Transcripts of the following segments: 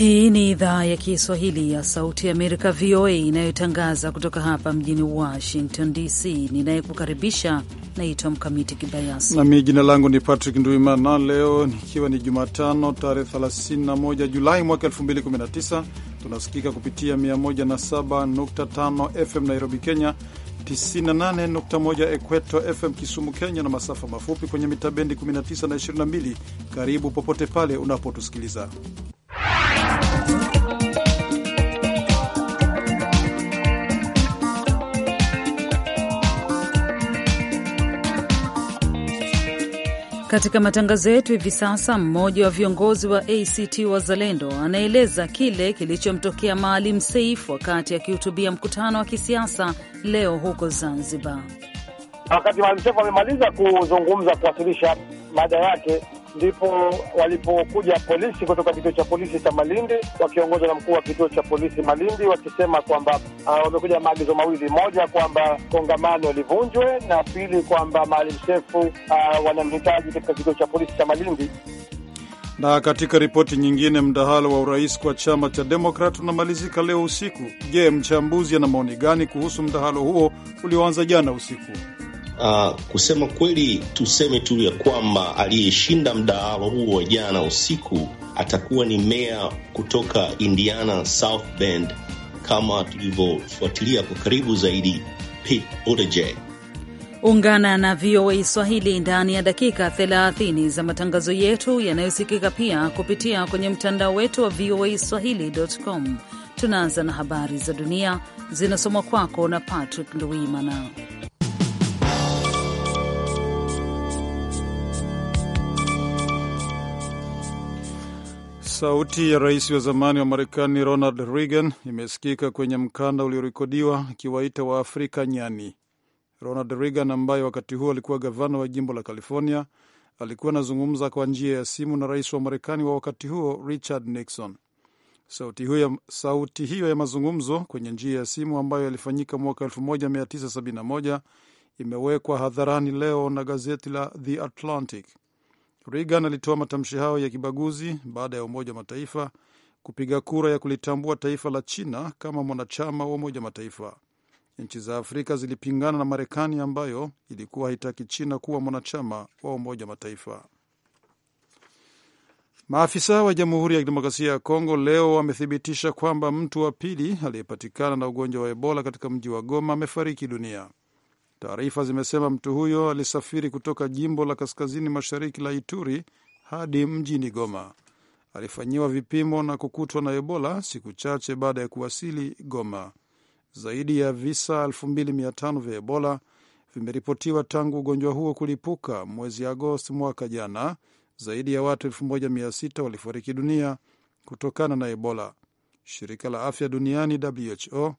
Hii ni idhaa ya Kiswahili ya Sauti ya Amerika, VOA, inayotangaza kutoka hapa mjini Washington DC. Ninayekukaribisha naitwa Mkamiti Kibayasi nami jina langu ni Patrick Nduimana. Leo ikiwa ni Jumatano tarehe 31 Julai mwaka 2019, tunasikika kupitia 107.5 FM Nairobi, Kenya, 98.1 equeto FM Kisumu, Kenya, na masafa mafupi kwenye mitabendi 19 na 22. Karibu popote pale unapotusikiliza Katika matangazo yetu hivi sasa, mmoja wa viongozi wa ACT Wazalendo anaeleza kile kilichomtokea Maalim Seif wakati akihutubia mkutano wa kisiasa leo huko Zanzibar. Wakati Maalim Seif amemaliza kuzungumza, kuwasilisha mada yake, ndipo walipokuja polisi kutoka kituo cha polisi cha Malindi wakiongozwa na mkuu wa kituo cha polisi Malindi wakisema kwamba uh, wamekuja maagizo mawili, moja kwamba kongamano livunjwe na pili kwamba Maalim Seif uh, ah, wanamhitaji katika kituo cha polisi cha Malindi. Na katika ripoti nyingine, mdahalo wa urais kwa chama cha Demokrat unamalizika leo usiku. Je, mchambuzi ana maoni gani kuhusu mdahalo huo ulioanza jana usiku? Uh, kusema kweli, tuseme tu ya kwamba aliyeshinda mdahalo huo wa jana usiku atakuwa ni meya kutoka Indiana South Bend, kama tulivyofuatilia kwa karibu zaidi, Pete Buttigieg. Ungana na VOA Swahili ndani ya dakika 30 za matangazo yetu yanayosikika pia kupitia kwenye mtandao wetu wa VOA Swahili.com. Tunaanza na habari za dunia zinasomwa kwako na Patrick Nduimana. Sauti ya rais wa zamani wa Marekani Ronald Reagan imesikika kwenye mkanda uliorekodiwa akiwaita Waafrika nyani. Ronald Reagan ambaye wakati huo alikuwa gavana wa jimbo la California alikuwa anazungumza kwa njia ya simu na rais wa Marekani wa wakati huo Richard Nixon. Sauti hiyo, sauti hiyo ya mazungumzo kwenye njia ya simu ambayo yalifanyika mwaka 1971 imewekwa hadharani leo na gazeti la The Atlantic. Reagan alitoa matamshi hayo ya kibaguzi baada ya Umoja wa Mataifa kupiga kura ya kulitambua taifa la China kama mwanachama wa Umoja wa Mataifa. Nchi za Afrika zilipingana na Marekani ambayo ilikuwa haitaki China kuwa mwanachama wa Umoja wa Mataifa. Maafisa wa Jamhuri ya Kidemokrasia ya Kongo leo wamethibitisha kwamba mtu wa pili aliyepatikana na ugonjwa wa Ebola katika mji wa Goma amefariki dunia. Taarifa zimesema mtu huyo alisafiri kutoka jimbo la kaskazini mashariki la Ituri hadi mjini Goma. Alifanyiwa vipimo na kukutwa na Ebola siku chache baada ya kuwasili Goma. Zaidi ya visa 2500 vya Ebola vimeripotiwa tangu ugonjwa huo kulipuka mwezi Agosti mwaka jana. Zaidi ya watu 1600 walifariki dunia kutokana na Ebola. Shirika la afya duniani WHO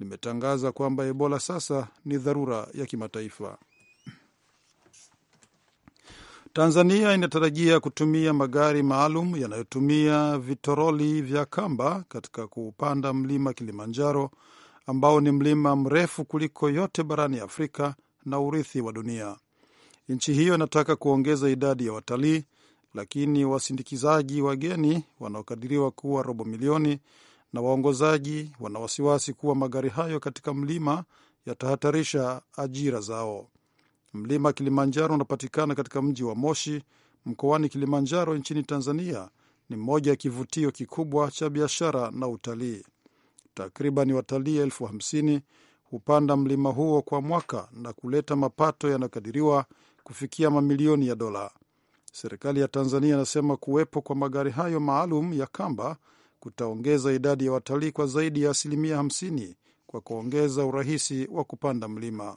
limetangaza kwamba Ebola sasa ni dharura ya kimataifa. Tanzania inatarajia kutumia magari maalum yanayotumia vitoroli vya kamba katika kuupanda mlima Kilimanjaro ambao ni mlima mrefu kuliko yote barani Afrika na urithi wa dunia. Nchi hiyo inataka kuongeza idadi ya watalii, lakini wasindikizaji wageni wanaokadiriwa kuwa robo milioni na waongozaji wana wasiwasi kuwa magari hayo katika mlima yatahatarisha ajira zao. Mlima Kilimanjaro unapatikana katika mji wa Moshi mkoani Kilimanjaro nchini Tanzania. Ni moja ya kivutio kikubwa cha biashara na utalii. Takriban watalii elfu hamsini hupanda mlima huo kwa mwaka na kuleta mapato yanayokadiriwa kufikia mamilioni ya dola. Serikali ya Tanzania inasema kuwepo kwa magari hayo maalum ya kamba kutaongeza idadi ya watalii kwa zaidi ya asilimia 50 kwa kuongeza urahisi wa kupanda mlima.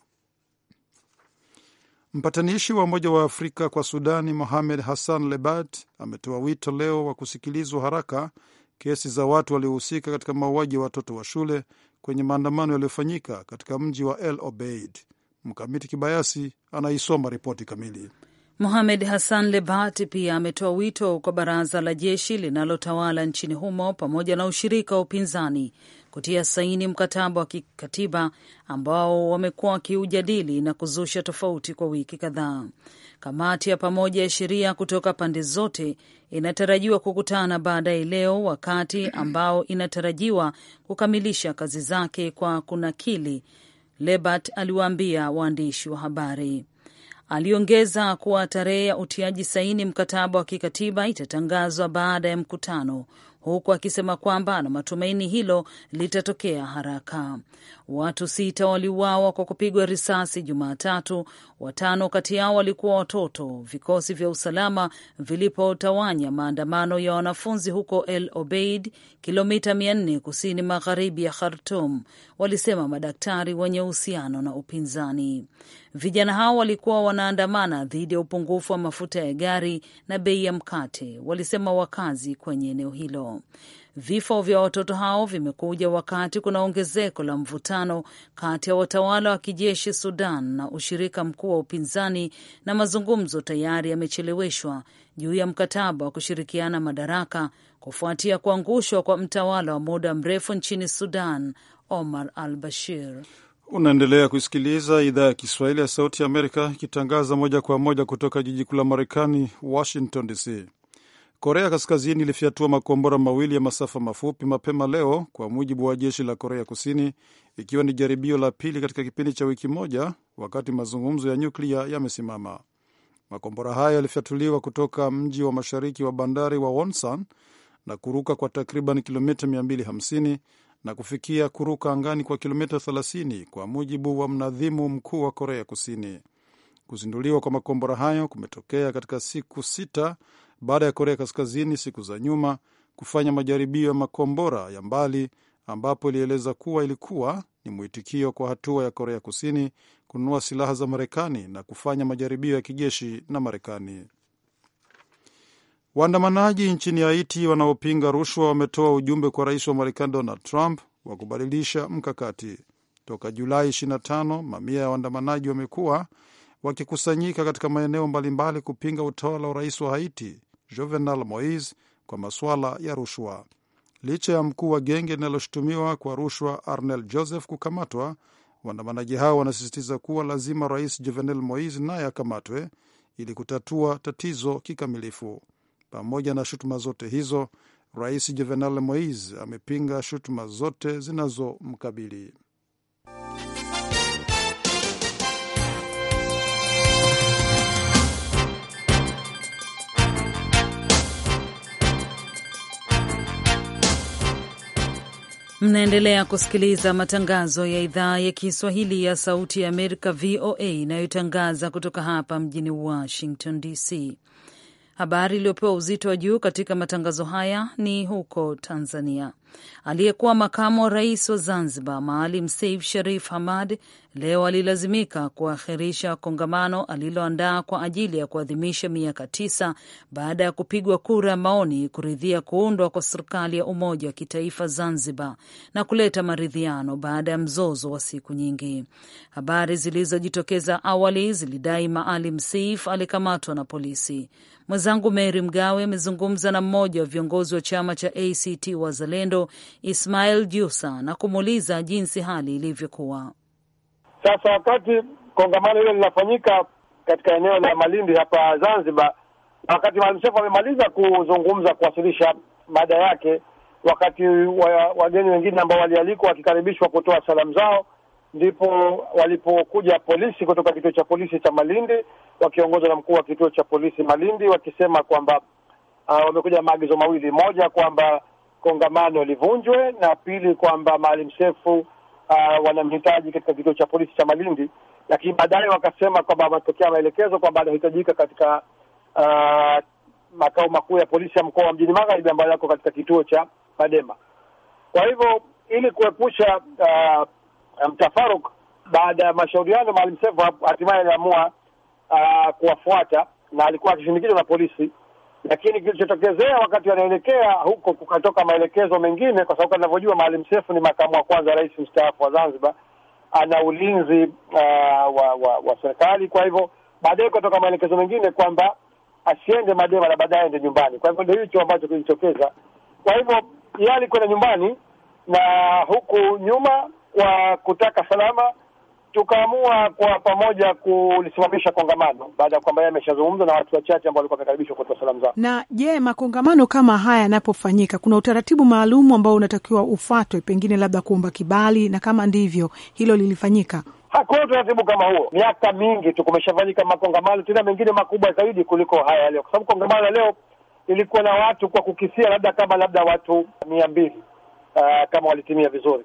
Mpatanishi wa Umoja wa Afrika kwa Sudani Mohamed Hassan Lebat ametoa wito leo wa kusikilizwa haraka kesi za watu waliohusika katika mauaji ya watoto wa shule kwenye maandamano yaliyofanyika katika mji wa El Obeid. Mkamiti Kibayasi anaisoma ripoti kamili. Mohamed Hassan Lebat pia ametoa wito kwa baraza la jeshi linalotawala nchini humo pamoja na ushirika wa upinzani kutia saini mkataba wa kikatiba ambao wamekuwa wakiujadili na kuzusha tofauti kwa wiki kadhaa. Kamati ya pamoja ya sheria kutoka pande zote inatarajiwa kukutana baadaye leo, wakati ambao inatarajiwa kukamilisha kazi zake kwa kunakili, Lebat aliwaambia waandishi wa habari. Aliongeza kuwa tarehe ya utiaji saini mkataba wa kikatiba itatangazwa baada ya mkutano huku akisema kwamba ana matumaini hilo litatokea haraka. Watu sita waliuawa kwa kupigwa risasi Jumatatu, watano kati yao walikuwa watoto, vikosi vya usalama vilipotawanya maandamano ya wanafunzi huko El Obeid, kilomita 400 kusini magharibi ya Khartum, walisema madaktari wenye uhusiano na upinzani. Vijana hao walikuwa wanaandamana dhidi ya upungufu wa mafuta ya gari na bei ya mkate, walisema wakazi kwenye eneo hilo. Vifo vya watoto hao vimekuja wakati kuna ongezeko la mvutano kati ya watawala wa kijeshi Sudan na ushirika mkuu wa upinzani, na mazungumzo tayari yamecheleweshwa juu ya mkataba wa kushirikiana madaraka kufuatia kuangushwa kwa mtawala wa muda mrefu nchini Sudan Omar al Bashir. Unaendelea kusikiliza idhaa ya Kiswahili ya Sauti ya Amerika ikitangaza moja kwa moja kutoka jiji kuu la Marekani, Washington DC. Korea Kaskazini ilifyatua makombora mawili ya masafa mafupi mapema leo, kwa mujibu wa jeshi la Korea Kusini, ikiwa ni jaribio la pili katika kipindi cha wiki moja, wakati mazungumzo ya nyuklia yamesimama. Makombora hayo yalifyatuliwa kutoka mji wa mashariki wa bandari wa Wonsan na kuruka kwa takriban kilomita 250 na kufikia kuruka angani kwa kilomita 30 kwa mujibu wa mnadhimu mkuu wa Korea Kusini. Kuzinduliwa kwa makombora hayo kumetokea katika siku sita baada ya Korea Kaskazini siku za nyuma kufanya majaribio ya makombora ya mbali, ambapo ilieleza kuwa ilikuwa ni mwitikio kwa hatua ya Korea Kusini kununua silaha za Marekani na kufanya majaribio ya kijeshi na Marekani. Waandamanaji nchini Haiti wanaopinga rushwa wametoa ujumbe kwa rais wa Marekani Donald Trump wa kubadilisha mkakati. Toka Julai 25 mamia ya waandamanaji wamekuwa wakikusanyika katika maeneo mbalimbali kupinga utawala wa rais wa Haiti Jovenal Moise kwa masuala ya rushwa. Licha ya mkuu wa genge linaloshutumiwa kwa rushwa Arnel Joseph kukamatwa, waandamanaji hao wanasisitiza kuwa lazima rais Jovenel Moise naye akamatwe ili kutatua tatizo kikamilifu. Pamoja na shutuma zote hizo, Rais Juvenal Moise amepinga shutuma zote zinazomkabili. Mnaendelea kusikiliza matangazo ya idhaa ya Kiswahili ya Sauti ya Amerika, VOA, inayotangaza kutoka hapa mjini Washington DC. Habari iliyopewa uzito wa juu katika matangazo haya ni huko Tanzania. Aliyekuwa makamu wa rais wa Zanzibar Maalim Seif Sharif Hamad leo alilazimika kuakhirisha kongamano aliloandaa kwa ajili ya kuadhimisha miaka tisa baada ya kupigwa kura ya maoni kuridhia kuundwa kwa serikali ya umoja wa kitaifa Zanzibar na kuleta maridhiano baada ya mzozo wa siku nyingi. Habari zilizojitokeza awali zilidai Maalim Seif alikamatwa na polisi. Mwenzangu Mary Mgawe amezungumza na mmoja wa viongozi wa chama cha ACT Wazalendo Ismail Jusa na kumuuliza jinsi hali ilivyokuwa. Sasa wakati kongamano hilo linafanyika katika eneo la Malindi hapa Zanzibar, na wakati Maalim Seif amemaliza kuzungumza kuwasilisha baada yake, wakati wageni wa wengine ambao walialikwa wakikaribishwa kutoa salamu zao, ndipo walipokuja polisi kutoka kituo cha polisi cha Malindi wakiongozwa na mkuu wa kituo cha polisi Malindi wakisema kwamba uh, wamekuja maagizo mawili, moja kwamba kongamano livunjwe, na pili kwamba Maalim sefu uh, wanamhitaji katika kituo cha polisi cha Malindi, lakini baadaye wakasema kwamba wametokea maelekezo kwamba anahitajika katika uh, makao makuu ya polisi ya mkoa wa Mjini Magharibi ambayo yako katika kituo cha Madema. Kwa hivyo ili kuepusha uh, ah, mtafaruk baada ya mashauriano, Maalim Sefu hatimaye aliamua uh, kuwafuata na alikuwa akishindikizwa na polisi lakini kilichotokezea wakati wanaelekea huko, kukatoka maelekezo mengine, kwa sababu ninavyojua Maalim Seif ni makamu wa kwanza rais mstaafu wa Zanzibar, ana ulinzi uh, wa, wa, wa serikali. Kwa hivyo baadaye kutoka maelekezo mengine kwamba asiende Madeba na baadaye aende nyumbani. Kwa hivyo ndio hicho ambacho kilitokeza. Kwa hivyo yeye alikwenda nyumbani, na huku nyuma kwa kutaka salama tukaamua kwa pamoja kulisimamisha kongamano baada ya kwamba yeye ameshazungumza na watu wachache ambao walikuwa wamekaribishwa kutoa salamu zao. Na je, makongamano kama haya yanapofanyika, kuna utaratibu maalum ambao unatakiwa ufuatwe, pengine labda kuomba kibali, na kama ndivyo hilo lilifanyika? Hakuna utaratibu kama huo. Miaka mingi tu kumeshafanyika makongamano, tena mengine makubwa zaidi kuliko haya leo, kwa sababu kongamano la leo ilikuwa na watu kwa kukisia, labda kama labda watu mia mbili uh, kama walitimia vizuri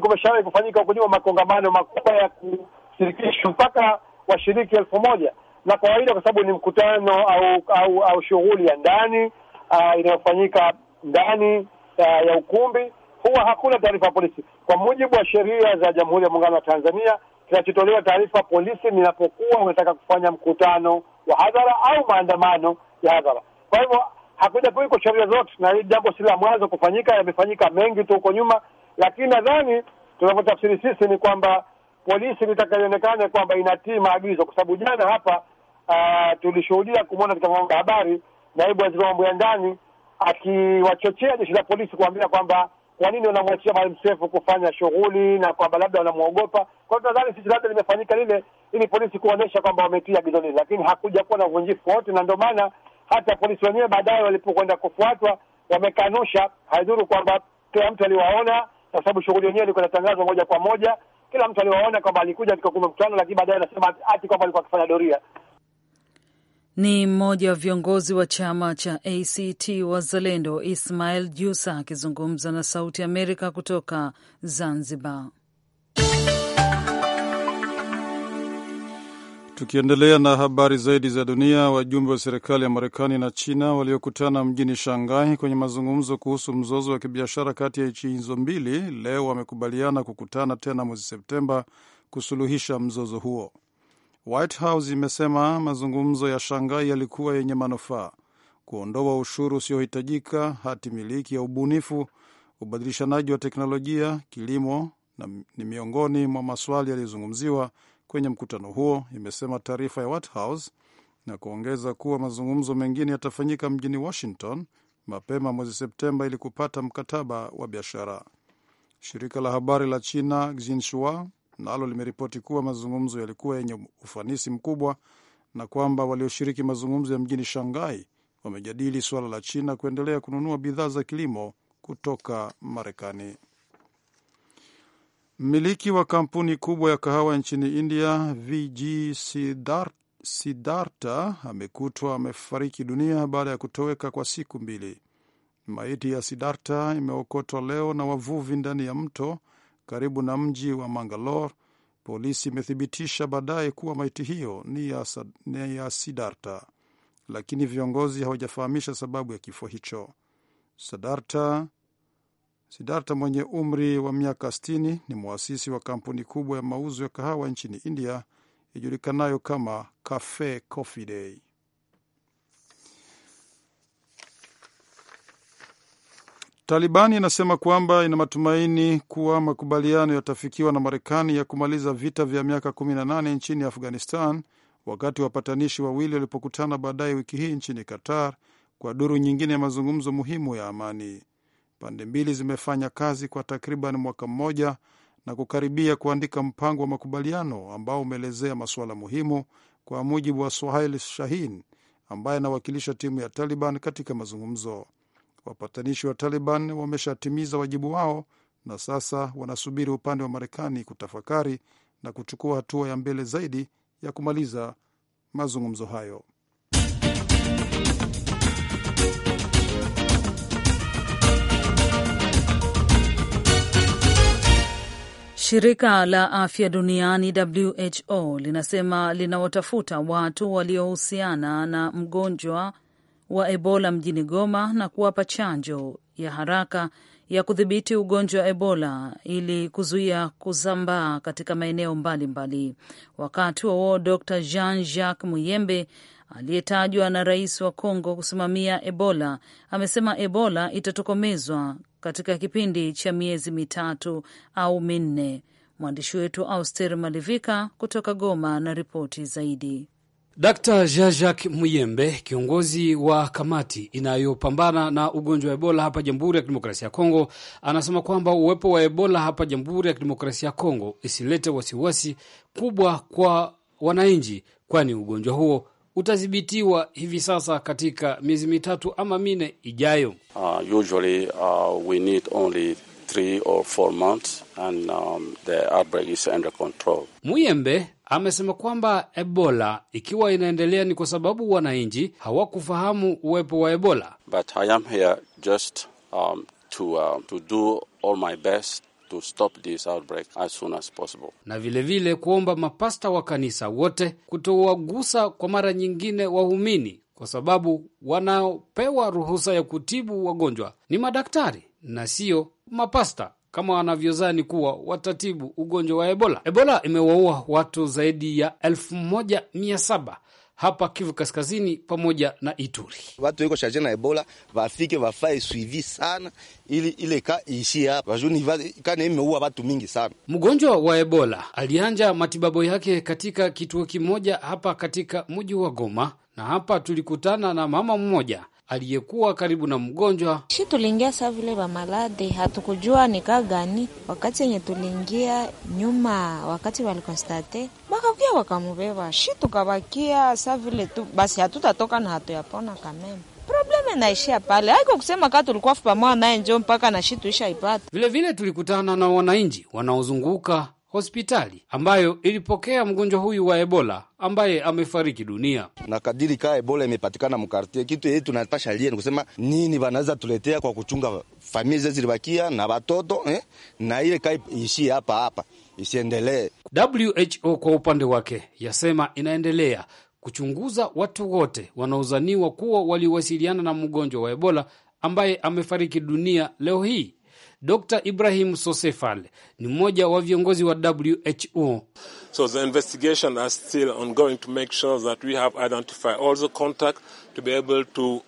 kumeshawahi kufanyika huko nyuma makongamano makubwa ya kushirikishwa mpaka washiriki elfu moja na kwa kawaida, kwa sababu ni mkutano au au, au shughuli ya ndani uh, inayofanyika ndani uh, ya ukumbi huwa hakuna taarifa ya polisi. Kwa mujibu wa sheria za Jamhuri ya Muungano wa Tanzania, kinachotolewa taarifa polisi ninapokuwa unataka kufanya mkutano wa hadhara au maandamano ya hadhara. Kwa hivyo hakujakuwiko sheria zote, na hili jambo si la mwanzo kufanyika, yamefanyika mengi tu huko nyuma. Lakini nadhani tunavyotafsiri sisi ni kwamba polisi litakaonekana kwamba inatii maagizo, kwa sababu jana hapa uh, tulishuhudia kumwona katika vyombo vya habari naibu waziri wa mambo ya ndani akiwachochea jeshi la polisi kuambia kwamba kwa nini wanamwachia Maalim Seif kufanya shughuli na kwamba labda wanamwogopa. Kwa hiyo tunadhani sisi labda limefanyika lile ili polisi kuonyesha kwamba wametia agizo lile, lakini hakuja kuwa na uvunjifu wote, na ndio maana hata polisi wenyewe baadaye walipokwenda kufuatwa wamekanusha. Haidhuru kwamba kila mtu aliwaona kwa sababu shughuli yenyewe ilikuwa inatangazwa moja kwa moja. Kila mtu aliwaona kwamba alikuja katika kumbe mkutano, lakini baadaye anasema ati kwamba alikuwa akifanya doria. Ni mmoja wa viongozi wa chama cha ACT Wazalendo, Ismail Jusa, akizungumza na Sauti Amerika kutoka Zanzibar. Tukiendelea na habari zaidi za dunia, wajumbe wa serikali ya Marekani na China waliokutana mjini Shanghai kwenye mazungumzo kuhusu mzozo wa kibiashara kati ya nchi hizo mbili leo wamekubaliana kukutana tena mwezi Septemba kusuluhisha mzozo huo. White House imesema mazungumzo ya Shanghai yalikuwa yenye manufaa: kuondoa ushuru usiohitajika, hati miliki ya ubunifu, ubadilishanaji wa teknolojia, kilimo na ni miongoni mwa maswali yaliyozungumziwa kwenye mkutano huo, imesema taarifa ya White House na kuongeza kuwa mazungumzo mengine yatafanyika mjini Washington mapema mwezi Septemba ili kupata mkataba wa biashara. Shirika la habari la China Xinhua nalo limeripoti kuwa mazungumzo yalikuwa yenye ufanisi mkubwa na kwamba walioshiriki mazungumzo ya mjini Shanghai wamejadili suala la China kuendelea kununua bidhaa za kilimo kutoka Marekani. Mmiliki wa kampuni kubwa ya kahawa nchini India, VG Siddhartha amekutwa amefariki dunia baada ya kutoweka kwa siku mbili. Maiti ya Siddhartha imeokotwa leo na wavuvi ndani ya mto karibu na mji wa Mangalore. Polisi imethibitisha baadaye kuwa maiti hiyo ni ya, ya Siddhartha, lakini viongozi hawajafahamisha sababu ya kifo hicho. Siddhartha Sidarta mwenye umri wa miaka 60 ni mwasisi wa kampuni kubwa ya mauzo ya kahawa nchini India ijulikanayo kama Cafe Coffee Day. Talibani inasema kwamba ina matumaini kuwa makubaliano yatafikiwa na Marekani ya kumaliza vita vya miaka 18 nchini Afghanistan, wakati wapatanishi wawili walipokutana baadaye wiki hii nchini Qatar kwa duru nyingine ya mazungumzo muhimu ya amani. Pande mbili zimefanya kazi kwa takriban mwaka mmoja na kukaribia kuandika mpango wa makubaliano ambao umeelezea masuala muhimu, kwa mujibu wa Suhail Shahin ambaye anawakilisha timu ya Taliban katika mazungumzo. Wapatanishi wa Taliban wameshatimiza wajibu wao na sasa wanasubiri upande wa Marekani kutafakari na kuchukua hatua ya mbele zaidi ya kumaliza mazungumzo hayo. Shirika la afya duniani WHO linasema linawatafuta watu waliohusiana na mgonjwa wa Ebola mjini Goma na kuwapa chanjo ya haraka ya kudhibiti ugonjwa wa Ebola ili kuzuia kusambaa katika maeneo mbalimbali. Wakati huo Dr Jean Jacques Muyembe aliyetajwa na rais wa congo kusimamia Ebola amesema Ebola itatokomezwa katika kipindi cha miezi mitatu au minne. Mwandishi wetu Auster Malivika kutoka Goma na ripoti zaidi. Dr Jean-Jacques Muyembe, kiongozi wa kamati inayopambana na ugonjwa wa Ebola hapa Jamhuri ya Kidemokrasia ya Kongo, anasema kwamba uwepo wa Ebola hapa Jamhuri ya Kidemokrasia ya Kongo isilete wasiwasi kubwa kwa wananchi, kwani ugonjwa huo utadhibitiwa hivi sasa katika miezi mitatu ama mine ijayo. Uh, usually, uh, we need only three or four months and, um, the outbreak is under control. Muyembe amesema kwamba Ebola ikiwa inaendelea ni kwa sababu wananchi hawakufahamu uwepo wa Ebola. But I am here just, um, to, uh, to do all my best to stop this outbreak as soon as possible, na vilevile vile kuomba mapasta wa kanisa wote kutowagusa kwa mara nyingine waumini, kwa sababu wanaopewa ruhusa ya kutibu wagonjwa ni madaktari na sio mapasta kama wanavyozani kuwa watatibu ugonjwa wa Ebola. Ebola imewaua watu zaidi ya elfu moja mia saba hapa Kivu Kaskazini pamoja na Ituri. Watu weko shaje na Ebola wafike wafae suivi sana, ili ile ka iishie hapa kane imeua watu mingi sana. Mgonjwa wa Ebola alianja matibabu yake katika kituo kimoja hapa katika mji wa Goma, na hapa tulikutana na mama mmoja aliyekuwa karibu na mgonjwa. Shi tuliingia saa vile vamalade, hatukujua nikaa gani. Wakati yenye tuliingia nyuma, wakati walikonstate wakakuya wakamubeba, shi tukabakia saa vile tu basi, hatutatoka na hatuyapona kameme probleme naishia pale, haiko kusema kaa tulikuwa pamoja naye njo mpaka na shi tuisha ipata. Vilevile tulikutana na wananchi wanaozunguka hospitali ambayo ilipokea mgonjwa huyu wa Ebola ambaye amefariki dunia. Na kadiri kaa Ebola imepatikana mkartie, kitu yetu tunapasha lie ni kusema nini wanaweza tuletea kwa kuchunga familia zilibakia na watoto eh? na ile kaa ishie hapa hapa isiendelee. WHO kwa upande wake yasema inaendelea kuchunguza watu wote wanaozaniwa kuwa waliwasiliana na mgonjwa wa Ebola ambaye amefariki dunia leo hii. Dr Ibrahim Sosefal ni mmoja wa viongozi wa WHO. So the investigation are still ongoing to make sure that we have identified all the contact to be able to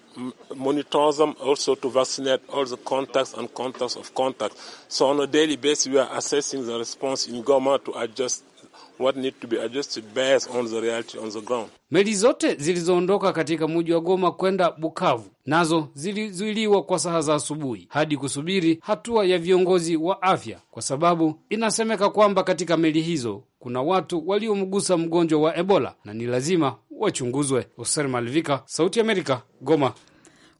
monitor them, also to vaccinate all the contacts and contacts of contact So on a daily basis we are assessing the response in Goma to adjust what need to be adjusted based on the reality on the ground. Meli zote zilizoondoka katika mji wa Goma kwenda Bukavu nazo zilizuiliwa kwa saa za asubuhi hadi kusubiri hatua ya viongozi wa afya, kwa sababu inasemeka kwamba katika meli hizo kuna watu waliomgusa mgonjwa wa Ebola na ni lazima wachunguzwe. Hoser malivika Sauti Amerika, Goma.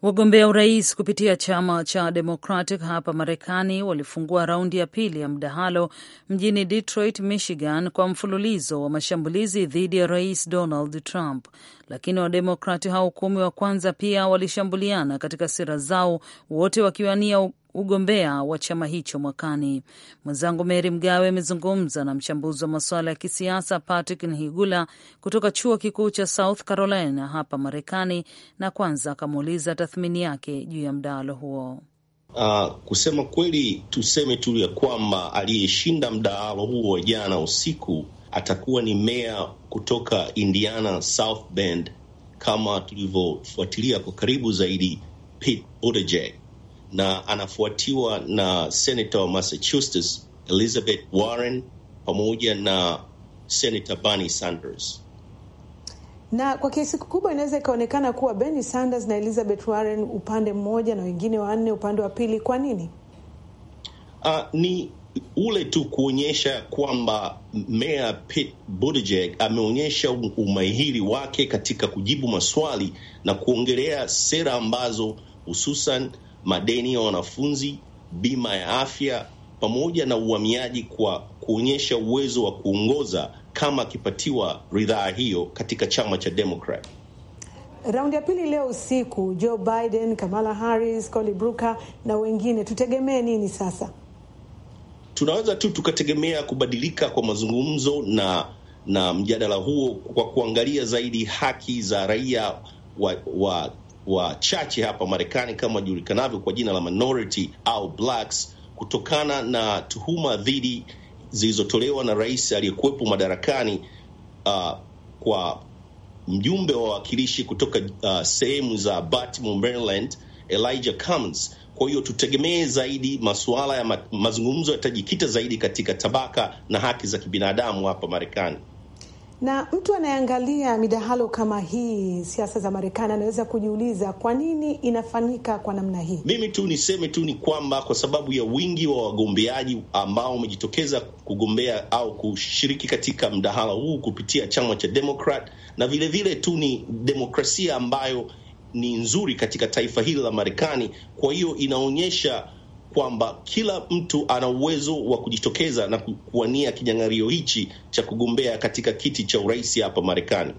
Wagombea urais kupitia chama cha Democratic hapa Marekani walifungua raundi ya pili ya mdahalo mjini Detroit, Michigan, kwa mfululizo wa mashambulizi dhidi ya rais Donald Trump, lakini Wademokrati hao kumi wa kwanza pia walishambuliana katika sera zao, wote wakiwania ugombea wa chama hicho mwakani. Mwenzangu Meri Mgawe amezungumza na mchambuzi wa masuala ya kisiasa Patrick Nhigula kutoka chuo kikuu cha South Carolina hapa Marekani, na kwanza akamuuliza tathmini yake juu ya mdahalo huo. Uh, kusema kweli, tuseme tu ya kwamba aliyeshinda mdahalo huo wa jana usiku atakuwa ni meya kutoka Indiana South Bend, kama tulivyofuatilia kwa karibu zaidi, Pete Buttigieg na anafuatiwa na senata wa Massachusetts Elizabeth Warren pamoja na senata Bernie Sanders na kwa kiasi kikubwa inaweza ikaonekana kuwa Bernie Sanders na Elizabeth Warren upande mmoja na wengine wanne upande wa pili. Kwa nini? Uh, ni ule tu kuonyesha kwamba meya Pete Buttigieg ameonyesha umahiri wake katika kujibu maswali na kuongelea sera ambazo hususan madeni ya wanafunzi, bima ya afya, pamoja na uhamiaji, kwa kuonyesha uwezo wa kuongoza kama akipatiwa ridhaa hiyo katika chama cha Democrat. Raundi ya pili leo usiku, Joe Biden, Kamala Harris, Cory Booker na wengine, tutegemee nini sasa? Tunaweza tu tukategemea kubadilika kwa mazungumzo na na mjadala huo kwa kuangalia zaidi haki za raia wa, wa wachache hapa Marekani kama julikanavyo kwa jina la minority au blacks, kutokana na tuhuma dhidi zilizotolewa na rais aliyekuwepo madarakani uh, kwa mjumbe wa wawakilishi kutoka uh, sehemu za Baltimore, Maryland, Elijah Cummings. Kwa hiyo tutegemee zaidi masuala ya ma mazungumzo yatajikita zaidi katika tabaka na haki za kibinadamu hapa Marekani na mtu anayeangalia midahalo kama hii, siasa za Marekani, anaweza kujiuliza kwa nini inafanyika kwa namna hii. Mimi tu niseme tu ni kwamba kwa sababu ya wingi wa wagombeaji ambao wamejitokeza kugombea au kushiriki katika mdahalo huu kupitia chama cha Demokrat, na vilevile vile tu ni demokrasia ambayo ni nzuri katika taifa hili la Marekani. Kwa hiyo inaonyesha kwamba kila mtu ana uwezo wa kujitokeza na kuwania kinyang'ario hichi cha kugombea katika kiti cha urais hapa Marekani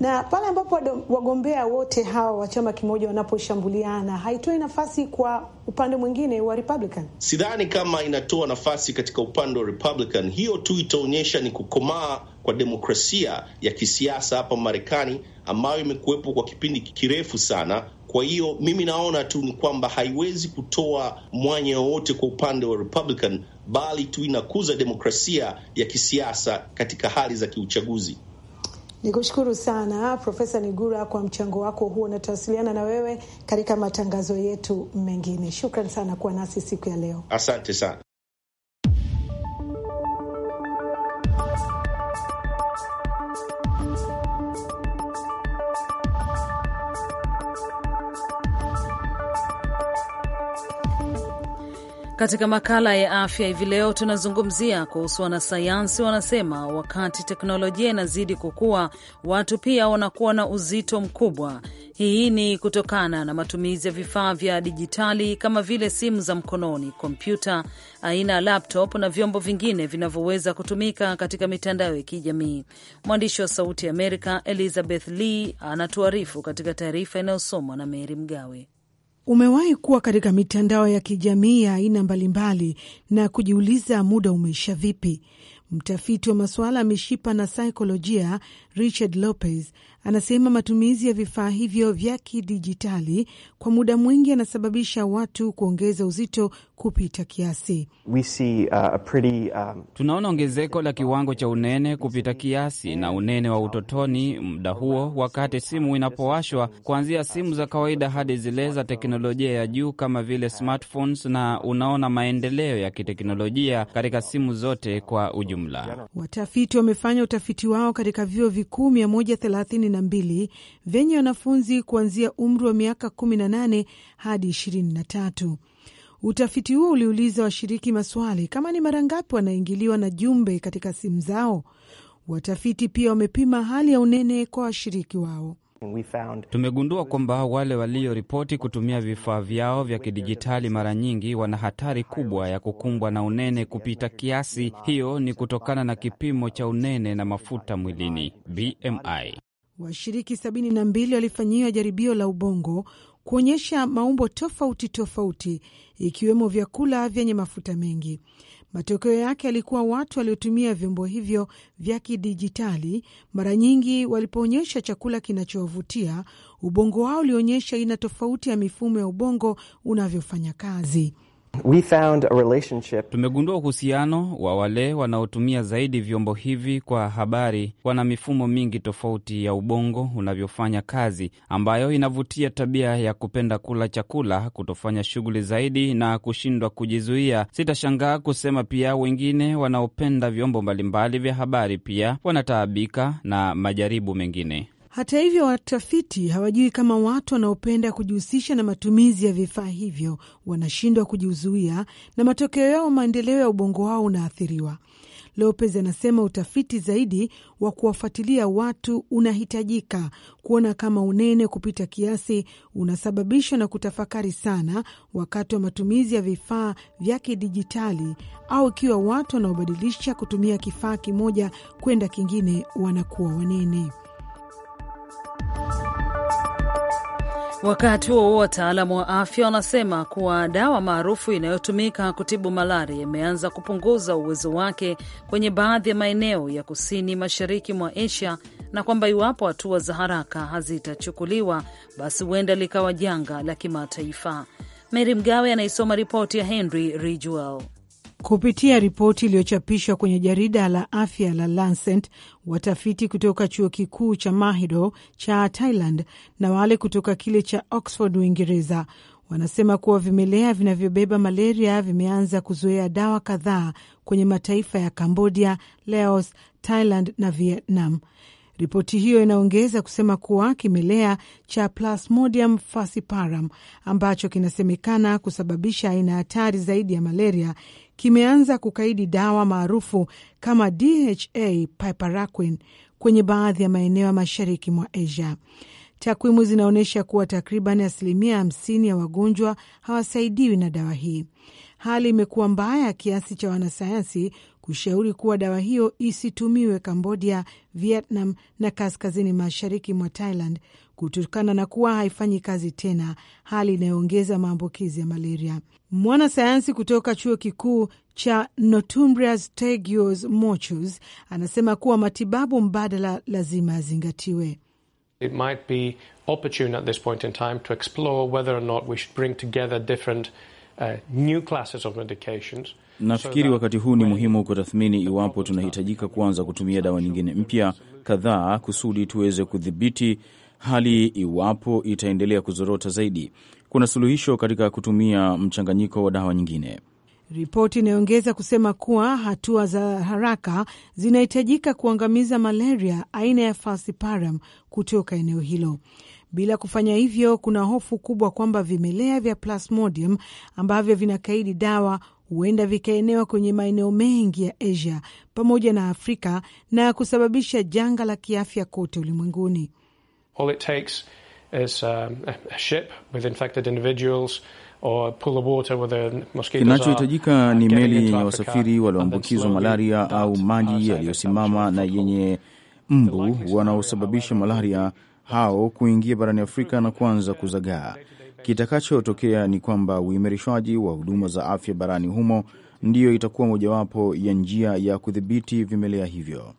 na pale ambapo wagombea wote hawa wa chama kimoja wanaposhambuliana haitoi nafasi kwa upande mwingine wa Republican. Sidhani kama inatoa nafasi katika upande wa Republican. Hiyo tu itaonyesha ni kukomaa kwa demokrasia ya kisiasa hapa Marekani ambayo imekuwepo kwa kipindi kirefu sana, kwa hiyo mimi naona tu ni kwamba haiwezi kutoa mwanya wowote kwa upande wa Republican, bali tu inakuza demokrasia ya kisiasa katika hali za kiuchaguzi. Nikushukuru sana Profesa Nigura kwa mchango wako huo, na tutawasiliana na wewe katika matangazo yetu mengine. Shukran sana kuwa nasi siku ya leo, asante sana. Katika makala ya afya hivi leo tunazungumzia kuhusu wanasayansi wanasema wakati teknolojia inazidi kukua, watu pia wanakuwa na uzito mkubwa. Hii ni kutokana na matumizi ya vifaa vya dijitali kama vile simu za mkononi, kompyuta aina ya laptop na vyombo vingine vinavyoweza kutumika katika mitandao ya kijamii. Mwandishi wa Sauti ya Amerika Elizabeth Lee anatuarifu katika taarifa inayosomwa na Meri Mgawe. Umewahi kuwa katika mitandao ya kijamii ya aina mbalimbali na kujiuliza muda umeisha vipi? Mtafiti wa masuala ya mishipa na saikolojia Richard Lopez Anasema matumizi ya vifaa hivyo vya kidijitali kwa muda mwingi anasababisha watu kuongeza uzito kupita kiasi. We see, uh, pretty, um... tunaona ongezeko la kiwango cha unene kupita kiasi na unene wa utotoni muda huo, wakati simu inapowashwa, kuanzia simu za kawaida hadi zile za teknolojia ya juu kama vile smartphones, na unaona maendeleo ya kiteknolojia katika simu zote kwa ujumla. Watafiti wamefanya utafiti wao katika vyuo vikuu na vyenye wanafunzi kuanzia umri wa miaka 18 hadi 23. Utafiti huo uliuliza washiriki maswali kama ni mara ngapi wanaingiliwa na jumbe katika simu zao. Watafiti pia wamepima hali ya unene kwa washiriki wao. Tumegundua kwamba wale walioripoti kutumia vifaa vyao vya kidijitali mara nyingi wana hatari kubwa ya kukumbwa na unene kupita kiasi. Hiyo ni kutokana na kipimo cha unene na mafuta mwilini BMI. Washiriki 72 walifanyiwa jaribio la ubongo kuonyesha maumbo tofauti tofauti, ikiwemo vyakula vyenye mafuta mengi. Matokeo yake yalikuwa watu waliotumia vyombo hivyo vya kidijitali mara nyingi walipoonyesha chakula kinachowavutia, ubongo wao ulionyesha aina tofauti ya mifumo ya ubongo unavyofanya kazi. We found a relationship. Tumegundua uhusiano wa wale wanaotumia zaidi vyombo hivi kwa habari, wana mifumo mingi tofauti ya ubongo unavyofanya kazi, ambayo inavutia tabia ya kupenda kula chakula, kutofanya shughuli zaidi na kushindwa kujizuia. Sitashangaa kusema pia wengine wanaopenda vyombo mbalimbali vya habari pia wanataabika na majaribu mengine. Hata hivyo, watafiti hawajui kama watu wanaopenda kujihusisha na matumizi ya vifaa hivyo wanashindwa kujizuia na matokeo yao, maendeleo ya ubongo wao unaathiriwa. Lopez anasema utafiti zaidi wa kuwafuatilia watu unahitajika kuona kama unene kupita kiasi unasababishwa na kutafakari sana wakati wa matumizi ya vifaa vya kidijitali au ikiwa watu wanaobadilisha kutumia kifaa kimoja kwenda kingine wanakuwa wanene. Wakati huo huo, wataalamu wa afya wanasema kuwa dawa maarufu inayotumika kutibu malaria imeanza kupunguza uwezo wake kwenye baadhi ya maeneo ya kusini mashariki mwa Asia na kwamba iwapo hatua za haraka hazitachukuliwa, basi huenda likawa janga la kimataifa. Mary Mgawe anaisoma ripoti ya Henry Ridgwell. Kupitia ripoti iliyochapishwa kwenye jarida la afya la Lancet, watafiti kutoka chuo kikuu cha mahido cha Thailand na wale kutoka kile cha Oxford, Uingereza, wanasema kuwa vimelea vinavyobeba malaria vimeanza kuzoea dawa kadhaa kwenye mataifa ya Cambodia, Laos, Thailand na Vietnam. Ripoti hiyo inaongeza kusema kuwa kimelea cha Plasmodium falciparum ambacho kinasemekana kusababisha aina hatari zaidi ya malaria kimeanza kukaidi dawa maarufu kama DHA piperaquine kwenye baadhi ya maeneo ya mashariki mwa Asia. Takwimu zinaonyesha kuwa takriban asilimia hamsini ya wagonjwa hawasaidiwi na dawa hii. Hali imekuwa mbaya kiasi cha wanasayansi kushauri kuwa dawa hiyo isitumiwe Kambodia, Vietnam na kaskazini mashariki mwa Thailand kutokana na kuwa haifanyi kazi tena, hali inayoongeza maambukizi ya malaria. Mwanasayansi kutoka chuo kikuu cha Notumbrias Tegios Mochus anasema kuwa matibabu mbadala lazima yazingatiwe. It might be opportune at this point in time to explore whether or not we should bring together different uh, new classes of medications Nafikiri wakati huu ni muhimu kutathmini iwapo tunahitajika kuanza kutumia dawa nyingine mpya kadhaa kusudi tuweze kudhibiti hali iwapo itaendelea kuzorota zaidi. Kuna suluhisho katika kutumia mchanganyiko wa dawa nyingine. Ripoti inayoongeza kusema kuwa hatua za haraka zinahitajika kuangamiza malaria aina ya falciparum kutoka eneo hilo. Bila kufanya hivyo, kuna hofu kubwa kwamba vimelea vya plasmodium ambavyo vinakaidi dawa huenda vikaenewa kwenye maeneo mengi ya Asia pamoja na Afrika na kusababisha janga la kiafya kote ulimwenguni. Kinachohitajika ni meli yenye wasafiri walioambukizwa malaria au maji yaliyosimama na yenye mbu wanaosababisha malaria hao kuingia barani Afrika na kuanza kuzagaa. Kitakachotokea ni kwamba uimarishwaji wa huduma za afya barani humo ndiyo itakuwa mojawapo ya njia ya kudhibiti vimelea hivyo.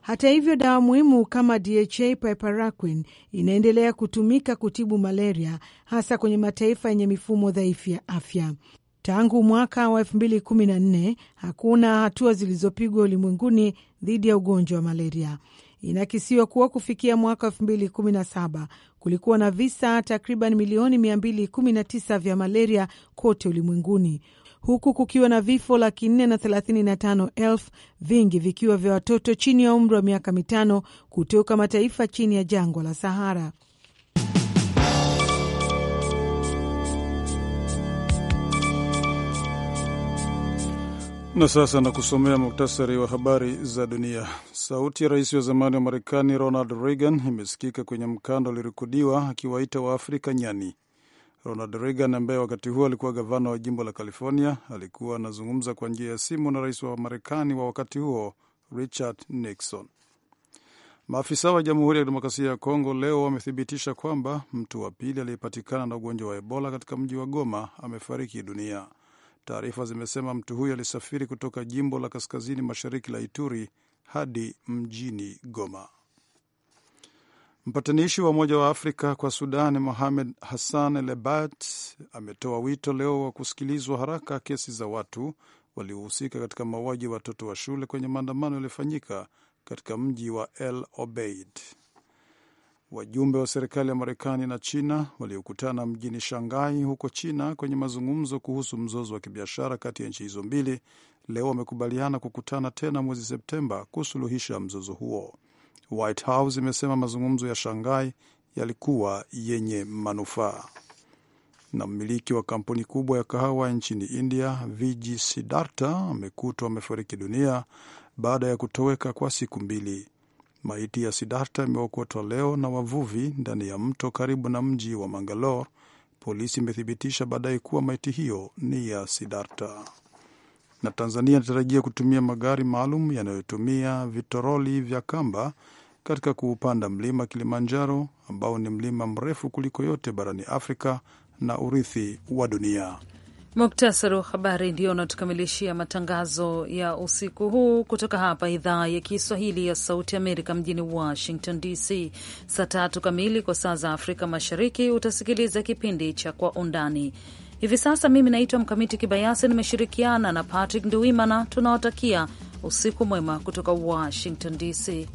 Hata hivyo, dawa muhimu kama DHA piperaquine inaendelea kutumika kutibu malaria, hasa kwenye mataifa yenye mifumo dhaifu ya afya. Tangu mwaka wa 2014 hakuna hatua zilizopigwa ulimwenguni dhidi ya ugonjwa wa malaria. Inakisiwa kuwa kufikia mwaka 2017 kulikuwa na visa takriban milioni 219 vya malaria kote ulimwenguni, huku kukiwa na vifo laki nne na thelathini na tano elfu, vingi vikiwa vya watoto chini ya umri wa miaka mitano kutoka mataifa chini ya jangwa la Sahara. Na sasa na kusomea muktasari wa habari za dunia. Sauti ya rais wa zamani wa Marekani Ronald Reagan imesikika kwenye mkanda uliorekodiwa akiwaita Waafrika nyani. Ronald Reagan ambaye wakati huo alikuwa gavana wa jimbo la California alikuwa anazungumza kwa njia ya simu na rais wa Marekani wa wakati huo Richard Nixon. Maafisa wa Jamhuri ya Kidemokrasia ya Kongo leo wamethibitisha kwamba mtu wa pili aliyepatikana na ugonjwa wa Ebola katika mji wa Goma amefariki dunia. Taarifa zimesema mtu huyo alisafiri kutoka jimbo la kaskazini mashariki la Ituri hadi mjini Goma. Mpatanishi wa Umoja wa Afrika kwa Sudan Mohamed Hassan Lebat ametoa wito leo wa kusikilizwa haraka kesi za watu waliohusika katika mauaji ya watoto wa shule kwenye maandamano yaliyofanyika katika mji wa El Obeid. Wajumbe wa serikali ya Marekani na China waliokutana mjini Shanghai huko China kwenye mazungumzo kuhusu mzozo wa kibiashara kati ya nchi hizo mbili leo wamekubaliana kukutana tena mwezi Septemba kusuluhisha mzozo huo. White House imesema mazungumzo ya Shanghai yalikuwa yenye manufaa. Na mmiliki wa kampuni kubwa ya kahawa nchini India, Viji Sidarta, amekutwa amefariki dunia baada ya kutoweka kwa siku mbili. Maiti ya sidarta imeokotwa leo na wavuvi ndani ya mto karibu na mji wa Mangalore. Polisi imethibitisha baadaye kuwa maiti hiyo ni ya sidarta Na Tanzania inatarajia kutumia magari maalum yanayotumia vitoroli vya kamba katika kuupanda mlima Kilimanjaro ambao ni mlima mrefu kuliko yote barani Afrika na urithi wa dunia. Muktasari wa habari ndio unatukamilishia matangazo ya usiku huu kutoka hapa idhaa ya Kiswahili ya Sauti Amerika mjini Washington DC. Saa tatu kamili kwa saa za Afrika Mashariki utasikiliza kipindi cha Kwa Undani. Hivi sasa mimi naitwa Mkamiti Kibayasi, nimeshirikiana na Patrick Nduwimana. Tunawatakia usiku mwema kutoka Washington DC.